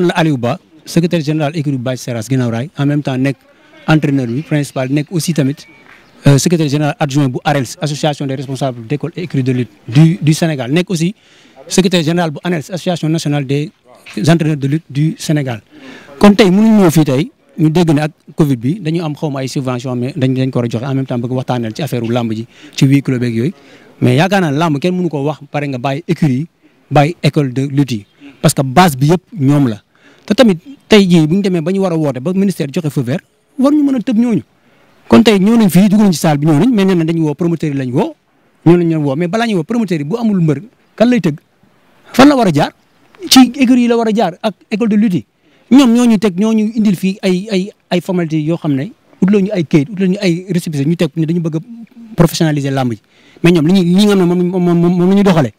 man la Aliou Ba secrétaire général écurie Bathie Seras en même temps nekk entraîneur bi principal nekk aussi tamit euh, secrétaire général adjoint bu ARELS association des responsables d'école de lutte du Sénégal nekk aussi secrétaire général bu ANELS association nationale des entraîneurs de lutte du Sénégal. kon tey mënuñu fii tey ñu dégg ne ak Covid bi dañu am xaw ay subvention mais ko war a joxe en même temps bëgg waxtaaneel ci affaire làmb ji ci te tamit tey jii bu ñu demee ba ñu war a woote ba ministère joxe feu vert war ñu mën a tëb kon tey ñoo nañ fii dugg nañ ci salle bi ñoo nañ mais nee na dañu woo promoteur yi bu amul mbër kan lay fan la war a jaar ci écurie yi la war jaar ak école de lutte yi ñoom ñoo ñu teg ñoo ñu indil fii ay ay ay formalité yoo xam ne utloo ñu ay kayit utloo ñu ay récépissé ñu teg ne dañu bëgg a professionnaliser làmb ji mais ñoom li ñuy li nga xam ne moom moom moom la ñuy doxalee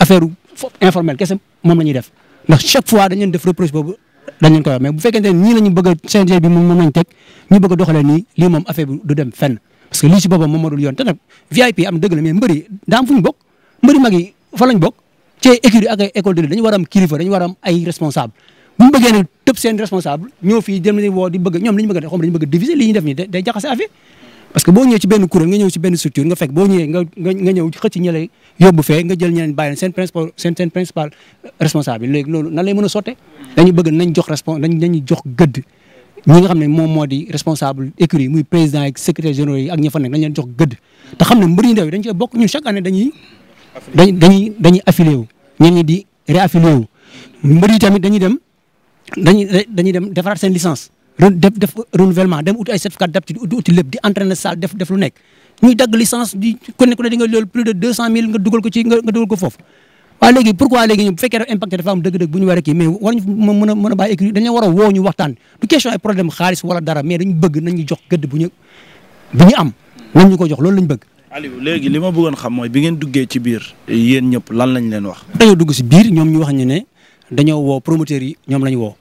affaire informelle kese moom la ñuy def ndax chaque fois boobu dañu ko wax mais bu fekkente ne ñii la ñu bëgg a CNG bi moom moom lañ teg ñu bëgg a doxalee dem fenn parce que lii si boppam moom moo dul VIP am dëgg la mais mbëri fu ñu bokk mbëri mag yi fa lañ bokk ci écurie ak ay école de dañu war a am war ay responsable bu mu bëggee ne tëb seen responsable ñoo fii dem ni woo di bëgg ñoom li ñu bëgg a a li ñu def nii day jaxase parce que boo ñëwee ci benn kuréel nga ñëw ci benn structure nga fekk boo ñëwee nga nga ñëw xëcc ñële yóbbu fee nga jël ñeneen bàyyi seen principal seen seen principal responsable bi léegi loolu nan lay mën a sotte dañu bëgg nañ jox respon nañ jox gëdd ñi nga xam ne moom moo di responsable écurie muy président ak secrétaire général yi ak ñi fa nekk dañ leen jox gëdd te xam ne mbër yi ndaw yi dañ ci bokk ñun chaque année dañuy dañuy dañuy affilié wu ñen ñi di réaffilié wu mbër yi tamit dañuy dem dañuy dañuy dem defaraat seen licence def def renouvellement dem uti ay certificat d'aptitude uti uti lépp di entraîner salle def def lu dugal ko ci nga dugal ko foofu waaw war a kii mais war a a bàyyi écrit dañu war a woo ñu waxtaan du question ay problème xaalis wala dara mais dañu bëgg nañu jox gëdd bu ñu am nañ ñu ko jox loolu lañu bëgg Aliou léegi li ma bëggoon xam mooy bi ngeen duggee ci biir yéen ñëpp lan lañ leen wax dañoo dugg si biir ñoom ñu wax ñu ne dañoo woo promoteurs yi ñoom lañu woo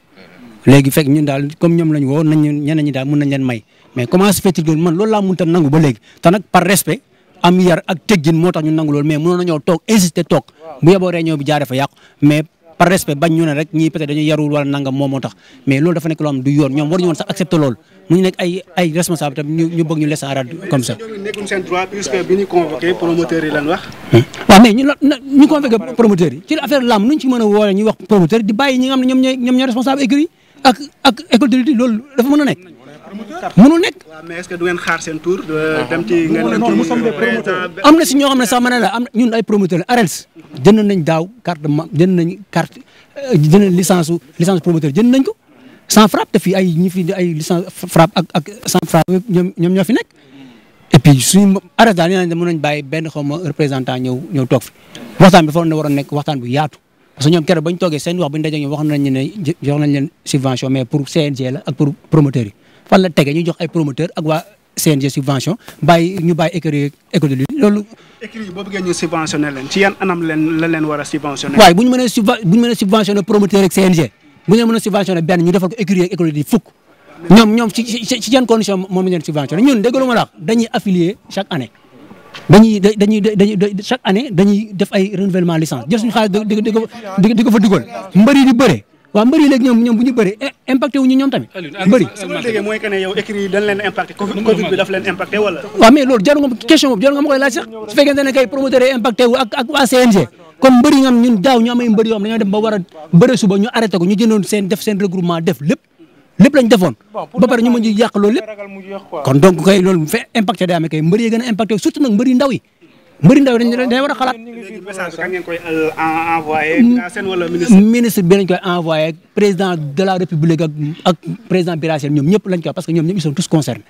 léegi fekk ñun daal comme ñoom lañ woo nañ ñeneen ñi daal mën nañ leen may mais comment se fait-il que man loolu laa mënut a nangu ba léegi te nag par respect am yar ak teggin moo tax ñu nangu loolu mais mënoon nañoo toog insister toog bu yeboo réunion bi jaaree fa yàqu mais par respect bañ ñu ne rek ñii peut-être dañuy yarul wala nangam moom moo tax mais loolu dafa nekk loo xam du yoon ñoom waruñu woon sax accepter loolu mu ñu nekk ay ay responsable tam ñu ñu bëgg ñu laisser arrêt comme ça. nekkuñ seen droit puisque bi ñu convoqué promoteurs yi lañ wax. waaw mais ñu ñu convoqué promoteurs yi ci affaire lamb nuñ ci mën a woolee ñuy wax promoteur di bàyyi ñi nga xam ne ñoom ñooy ñoom ñooy responsable écurie ak ak école de lutte loolu dafa mën a nekk. mënul nekk. waaw mais est-ce xaar seen euh, ah. am na si ñoo xam ne sax ma ne la am ñun ay promoteur la AREELS. jënd nañ daaw carte ma jënd nañ kart euh, jënd nañ licence su licence promoteur jënd nañ ko. sans frappe te fii ay ñi ay licence frappe ak ak sans ñoom ñoom ñoo fi nekk. et puis suñu AREELS daal nee nañ mën bàyyi benn xaw ma représentant ñëw ñëw toog fi waxtaan bi foofu na war a nekk waxtaan bi yaatu. parce que ñoom keroog bañ toogee seen wax buñ daje ñoom wax nañ ne jox nañ leen subvention mais pour CNG la ak pour promoteurs yi fan la tege ñu jox ay promoteur ak waa CNG subvention bàyyi ñu bàyyi écurie école de lutte loolu. écurie yi boo bëggee ñu subventionné leen ci yan anam leen la leen war a subventionné. waaye bu ñu mënee subven bu ñu mënee subventionné promoteur ak CNG bu ñu leen mën a subventionné benn ñu defal ko écurie ak école de lutte fukk ñoom ñoom ci ci yan condition moom la ñu leen subventionné ñun dégg nga lu ma la wax dañuy affilier chaque année. dañuy dañuy dañuy dañuy def ay renouvellement licence jël suñu xaalis di di ko di ko bu ñu bëree eh, impacté wu ñu ñoom tamit mbëri su ma déggee mooy que ne yow écrit yi dañ leen impacté covid bi daf leen impacté wala waaw mais daaw ñu am ay mbëri yoo xam dañoo dem ba suba ñu arrêté ko ñu jëndoon seen def seen regroupement lépp lañ defoon ba pare ñu mën yàq loolu lépp kon donc kay loolu bu fee impacté day amee kay mbëri yi gën a impacté surtout nag mbëri ndaw yi mbëri ndaw yi dañ euh, ministre bi la république ak ak président Birasène ñoom ñëpp lañ koy parce que ñoom ñoom ils sont tous concernés.